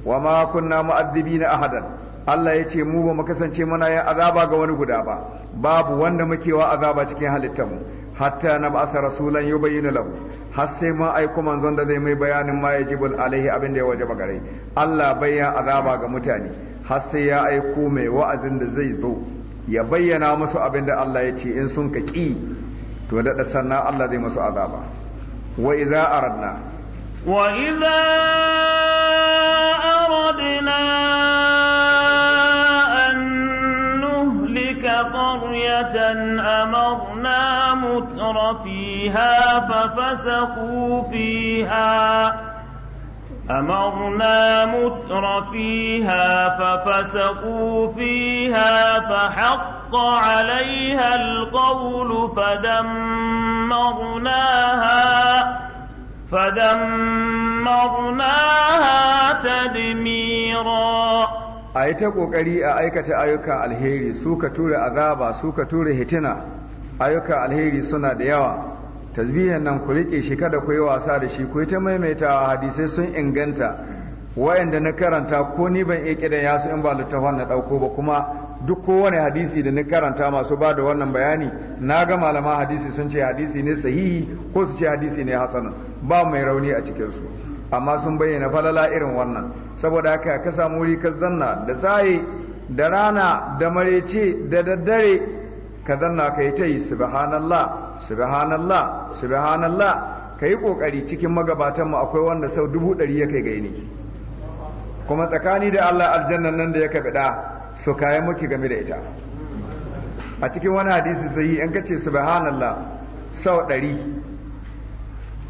wa ma kunna mu'addibi na ahadan Allah ya ce mu ba mu kasance muna yin azaba ga wani guda ba babu wanda muke wa azaba cikin halittar mu hatta na ba'asa rasulan bayyana lahu har sai ma aiko manzon da zai mai bayanin ma yajibul alaihi abin da ya wajaba gare Allah bayan azaba ga mutane har sai ya aiko mai wa'azin da zai zo ya bayyana musu abin da Allah ya ce in sun ka ƙi to daɗa sannan Allah zai musu azaba wa iza aradna wa iza aradna an nuhlika qaryatan amarna mu fiha fa fasaqu fiha أمرنا متر فيها ففسقوا فيها فحق عليها القول فدمرناها فدمرناها تدميرا أي تقوكري أيكة أيكا الهيري سوكة تولي أذابا سوكة تولي هتنا أيكا الهيري سنة ديوان tasbihin nan ku rike shi kada ku yi wasa da shi ku yi ta maimaitawa hadisai sun inganta wayanda na karanta ko ni ban iya kidan ya su in ba littafin na dauko ba kuma duk kowane hadisi da na karanta masu ba da wannan bayani na ga malama hadisi sun ce hadisi ne sahihi ko su ce hadisi ne hasanun ba mai rauni a cikin su amma sun bayyana falala irin wannan saboda haka ka samu wuri ka zanna da tsaye da rana da marece da daddare ka zanna ka yi ta yi subhanallah subhanallah subhanallah ka yi ƙoƙari cikin mu akwai wanda sau dubu ɗari ya kai ga yini kuma tsakani da Allah aljannan nan da ya ɗa, su kayan maki game da ita a cikin wani hadisi sai in ka ce subhanallah sau ɗari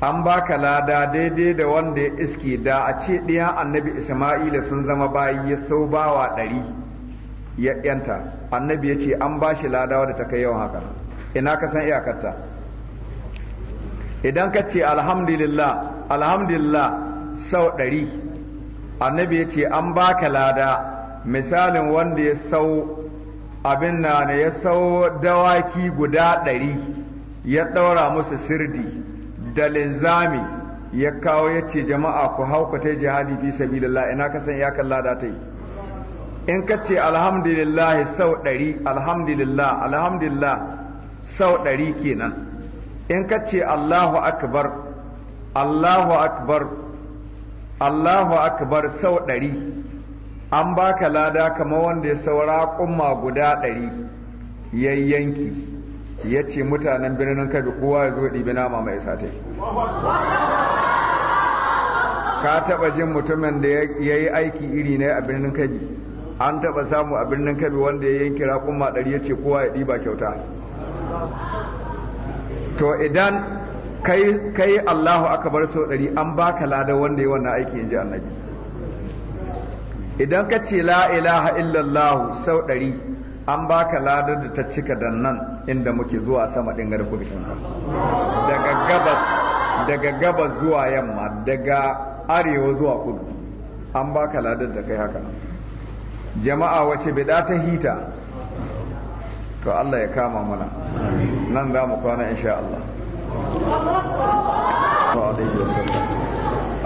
an baka lada daidai da wanda ya iske da a ce ɗaya annabi isma'ila sun zama bayi ya sau bawa ɗari ya yanta annabi ya ce an ba shi lada wadda ta kai yawan haka ina ka san iyakarta idan ka ce alhamdulillah alhamdulillah sau ɗari annabi ya ce an baka lada misalin wanda ya sau abin na ne ya sau dawaki guda ɗari ya ɗaura musu sirdi da linzami ya kawo ya ce jama'a ku haukata jihadi fi sabilillah ina ka san iyakan lada ta yi in ka ce alhamdulillah sau ɗari alhamdulillah alhamdulillah sau ɗari kenan in ka ce Allahu akbar Allahu akbar Allahu akbar sau ɗari an baka lada kama wanda ya saura kuma guda ɗari yayyanki ya ce mutanen birnin kabi kowa ya zo ɗibi nama mai satai ka taɓa jin mutumin da ya yi aiki iri ne a birnin kabi an taɓa samu a birnin kabi wanda ya yanki raƙumma ɗari ya ce kowa ya ɗiba kyauta to idan kai Allahu Allahu bar sau ɗari an baka lada wanda ya wannan aiki ji annabi idan ka ce la ilaha illallah sau ɗari an baka ladar da ta cika da nan inda muke zuwa sama ɗin ga da daga gabas daga gabas zuwa yamma daga arewa zuwa kudu an baka ladar da kai haka jama'a wace bida ta hita to Allah ya kama mana nan za mu kwana insha Allah. Wa alaihi wasallam.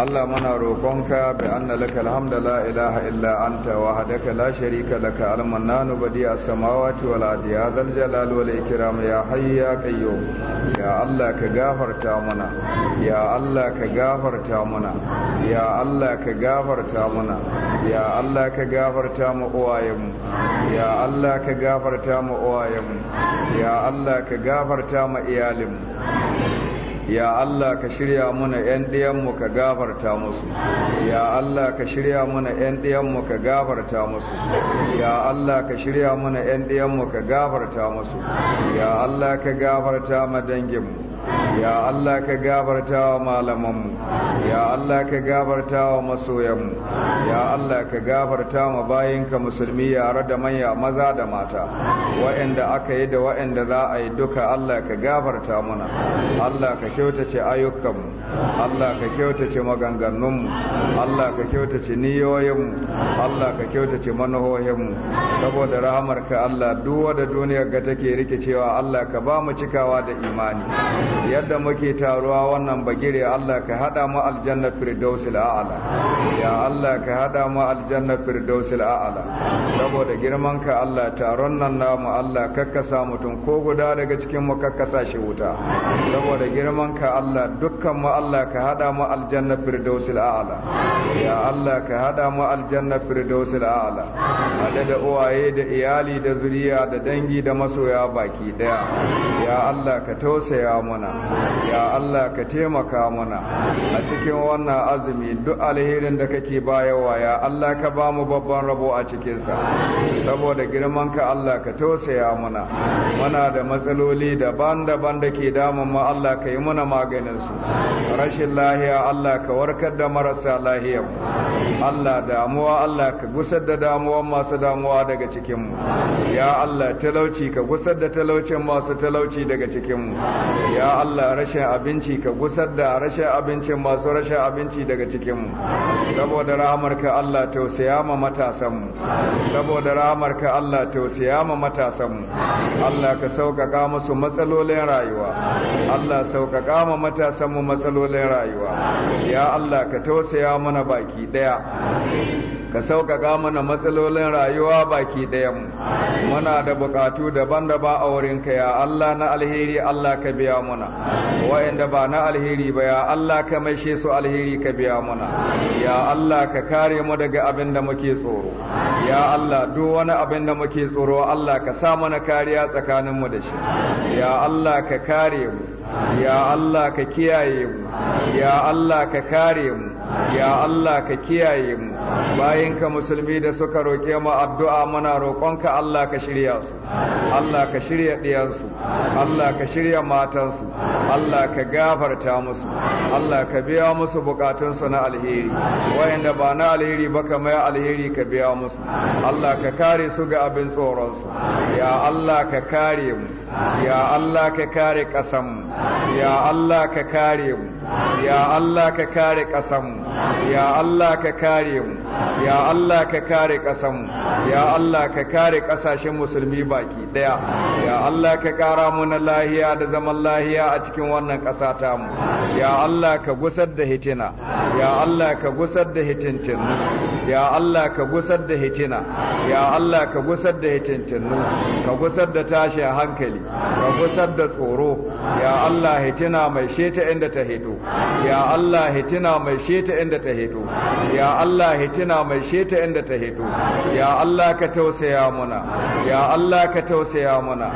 Allah muna roƙonka bi anna lakal hamda la ilaha illa anta wahdaka la sharika laka al-mannanu badi'a samawati wal ardi ya dhal jalali wal ikram ya hayy ya qayyum ya Allah ka gafarta mana ya Allah ka gafarta mana ya Allah ka gafarta mana ya Allah ka gafarta mu uwayenmu ya Allah ka gafarta mu uwayenmu ya Allah ka gafarta mu iyalin. ya Allah ka shirya muna ‘yan ɗiyanmu ka gafarta musu, ya Allah ka shirya muna ‘yan ɗiyanmu ka gafarta musu, ya Allah ka shirya muna ‘yan ɗiyanmu ka gafarta musu, ya Allah ka gafarta madanginmu ya Allah ka gabarta wa malamanmu ya Allah ka gabarta wa masoyanmu ya Allah ka gabarta ma bayinka musulmi yare da manya maza da mata wa'anda aka yi da wa'anda za a yi duka Allah ka gabarta muna Allah ka kyautace ayyukanmu Allah ka kyautace maganganunmu Allah ka kyautace niyoyinmu Allah ka kyautace manahohinmu saboda rahamarka Allah duwa da duniyar ga take rikicewa Allah ka ba mu cikawa da imani yadda muke taruwa wannan bagire Allah ka hada mu aljanna firdausil a'ala ya Allah ka hada mu aljanna firdausil a'ala saboda girman ka Allah taron nan namu Allah kakkasa mutum ko guda daga cikin mu kakkasa shi wuta saboda girman ka Allah dukkan mu Allah ka hada mu aljanna firdausil a'la ya Allah ka hada mu aljanna firdausil a'la hada da uwaye da iyali da zuriya da dangi da masoya baki daya ya Allah ka tausaya mana ya Allah ka taimaka mana a cikin wannan azumi duk alherin da kake bayarwa ya Allah ka ba mu babban rabo a cikinsa saboda girman ka Allah ka tausaya mana muna da matsaloli daban-daban da ke damun mu Allah ka yi mana maganin su. rashin lahiya Allah ka warkar da marasa lahiya Allah damuwa Allah ka gusar da damuwan masu damuwa daga cikinmu ya Allah talauci ka gusar da talaucin masu talauci daga cikinmu ya Allah rashin abinci ka gusar da rashin abincin masu rashin abinci daga cikinmu saboda rahamarka Allah tausaya ma matasanmu saboda rahamarka Allah tausaya ma matasanmu Allah ka sauƙaƙa musu matsalolin rayuwa Allah sauƙaƙa ma matasanmu matsalolin matsalolin rayuwa ya Allah ka tausaya mana baki daya ka sauƙaƙa mana matsalolin rayuwa baki ɗaya. mu muna da buƙatu daban ba a wurin ka ya Allah na alheri Allah ka biya muna wa'anda ba na alheri ba ya Allah ka maishe su alheri ka biya muna ya Allah ka kare mu daga abin da muke tsoro ya Allah duk wani abin da muke tsoro Allah ka sa mana kariya tsakanin mu da shi ya Allah ka kare mu ya Allah ka kiyaye mu ya Allah ka kare mu ya Allah ka kiyaye mu bayan ka musulmi da suka roƙe mu addu'a muna roƙonka Allah ka shirya su Allah ka shirya ɗiyansu Allah ka shirya matansu Allah ka gafarta musu Allah ka biya musu bukatunsu na alheri wayanda ba na alheri ba ka mai alheri ka biya musu Allah ka kare su ga abin tsoronsu ya Allah ka kare mu ya Allah ka kare ƙasanmu ya Allah ka kare mu ya Allah ka kare ƙasanmu ya Allah ka kare mu ya Allah ka kare ƙasanmu ya Allah ka kare ƙasashen musulmi baki ɗaya ya Allah ka ƙara na lahiya da zaman lahiya a cikin wannan ƙasa ta mu ya Allah ka gusar da hitina ya Allah ka gusar da hitincin ya Allah ka gusar da hitina ya Allah ka gusar da hitincin ka gusar da tashin hankali ka gusar da tsoro ya Allah hitina mai sheta inda ta hito ya Allah hitina mai sheta inda ta heto ya Allah hitina mai sheta inda ta hito ya Allah ka tausaya muna ya Allah ka tausaya muna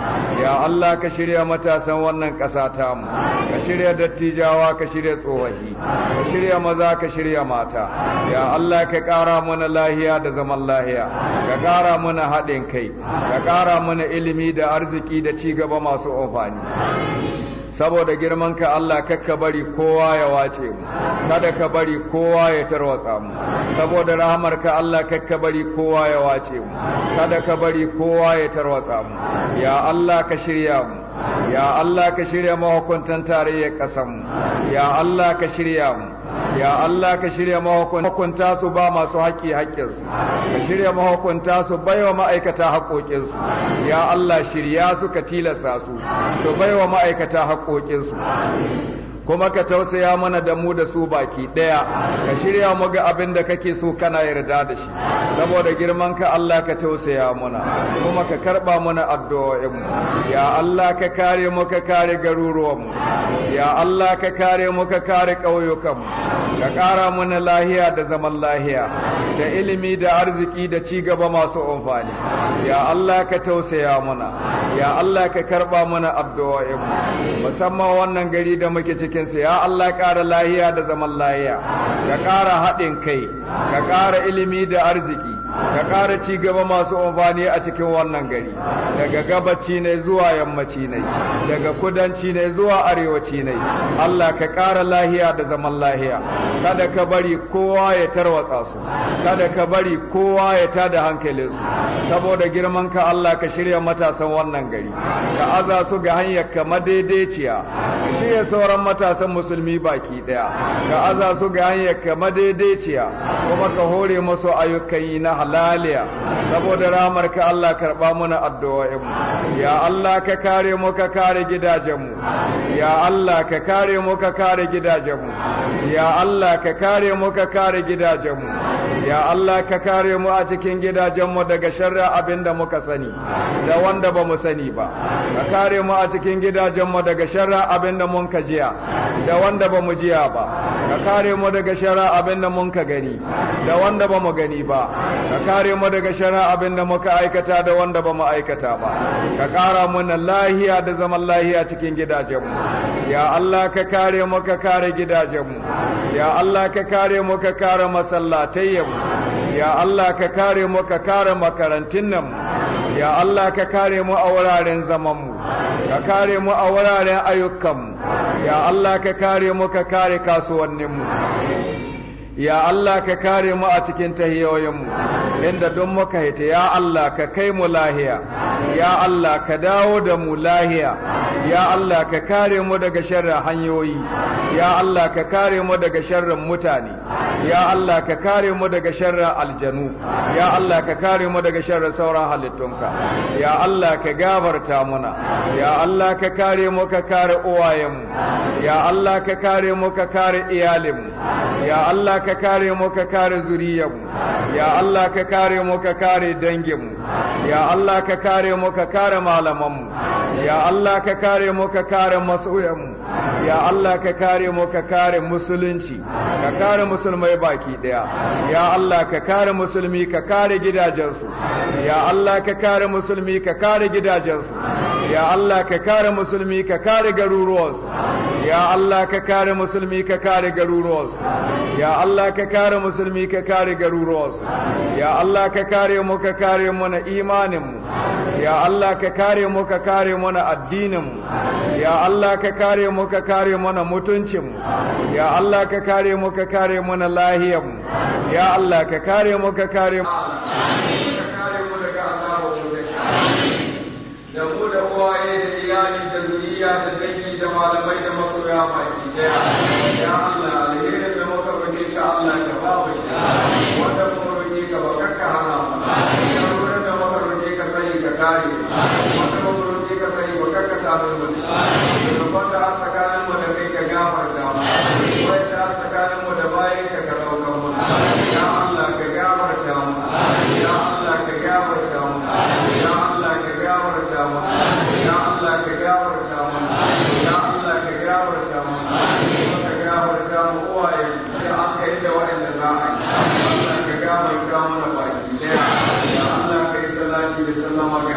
ya Allah ka shirya matasan wannan ƙasa ta mu ka shirya dattijawa ka shirya tsohahi ka shirya maza ka shirya mata ya Allah ka ƙara mana lahiya da zaman lahiya ka ƙara mana haɗin kai ka ƙara mana ilimi da arziki da ci gaba masu amfani saboda girman ka Allah kakka bari kowa ya wace mu kada ka bari kowa ya tarwatsa mu saboda rahamarka ka Allah kakka bari kowa ya wace mu kada ka bari kowa ya tarwatsa mu ya Allah ka shirya mu ya Allah ka shirya mahukuntan tarayyar ƙasar mu ya Allah ka shirya mu ya Allah ka shirya mahukunta su ba masu haƙƙi haƙƙinsu ka shirya mahukunta su baiwa ma'aikata haƙoƙinsu ya Allah shirya su ka tilasta su su baiwa ma'aikata haƙoƙinsu kuma ka tausaya mana da mu da su baki ɗaya ka shirya mu ga abin da kake so kana yarda da shi saboda girman ka Allah ka tausaya mana kuma ka karba mana addu'o'in mu ya Allah ka kare mu ka kare garuruwan mu ya Allah ka kare mu ka kare ƙauyukan mu ka ƙara mana lahiya da zaman lahiya da ilimi da arziki da ci gaba masu amfani ya Allah ka tausaya mana ya Allah ka karba mana addu'o'in mu musamman wannan gari da muke ciki cikinsu ya Allah ƙara lahiya da zaman lahiya ka ƙara haɗin kai ka ƙara ilimi da arziki ka ƙara ci gaba masu amfani a cikin wannan gari daga gabaci ne zuwa yammaci ne daga kudanci ne zuwa arewaci ne Allah ka ƙara lahiya da zaman lahiya kada ka bari kowa ya tarwatsa su kada ka bari kowa ya tada hankalin su saboda girman ka Allah ka shirya matasan wannan gari ka aza su ga hanyar ka madaidaiciya ka shirya sauran matasan musulmi baki daya ka aza su ga hanyar ka madaidaiciya kuma ka hore musu ayyukan yi na halaliya saboda ramar ka Allah karba muna addu'o'inmu ya Allah ka kare mu ka kare gidajenmu ya Allah ka kare mu ka kare gidajenmu ya Allah ka kare mu ka kare gidajenmu ya Allah ka kare mu a cikin gidajenmu daga sharra abin da muka sani da wanda ba mu sani ba ka kare mu a cikin gidajenmu daga sharra abin da mun ka jiya da wanda ba mu jiya ba ka kare mu daga sharra abin da mun ka gani da wanda ba mu gani ba ka kare mu daga sharra abin da muka aikata da wanda ba mu aikata ba ka kara mana lahiya da zaman lahiya cikin gidajenmu ya Allah ka kare mu ka kare gidajenmu ya Allah ka kare mu ka kare masallatai ya Allah ka kare mu ka kare makarantun nan ya Allah ka kare mu a wuraren zaman mu ka kare mu a wuraren ayyukan mu ya Allah ka kare mu ka kare kasuwannin mu ya Allah ka kare mu a cikin tahiyoyinmu inda don muka hita ya Allah ka kai mu lahiya ya Allah ka dawo da mu lahiya ya Allah ka kare mu daga sharrin hanyoyi ya Allah ka kare mu daga sharrin mutane ya Allah ka kare mu daga sharrin aljanu ya Allah ka kare mu daga sharrin sauran halittunka ya Allah ka gafarta muna ya Allah ka kare mu ka kare uwayenmu ya Allah ka kare mu ka kare iyalinmu ya Allah ka kare mu ka kare zuriyarmu ya Allah ka kare mu ka kare danginmu ya Allah ka kare mu ka kare malamanmu ya Allah ka kare mu ka kare masoyanmu ya Allah ka kare mu ka kare musulunci ka kare musulmai baki daya ya Allah ka kare musulmi ka kare gidajensu ya Allah ka kare musulmi ka kare gidajensu ya Allah ka kare musulmi ka kare garuruwansu ya Allah ka kare musulmi ka kare garuruwansu ya Allah ka kare musulmi ka kare garuruwansu ya Allah ka kare mu ka kare mu na imaninmu ya Allah ka kare mu ka kare mu na addininmu ya Allah ka kare mu ka kare mana mutuncinmu ya Allah ka kare mu ka kare mana lahiyarmu ya Allah ka kare mu ka kare mu da mu da uwaye da iyali da zuriya da dangi da malamai da masoya baki daya ya Allah da muka roƙe ka Allah ka ba mu shi wanda muka roƙe ka ba kakka hana mu da muka roƙe ka ka kare mu wanda muka roƙe Islam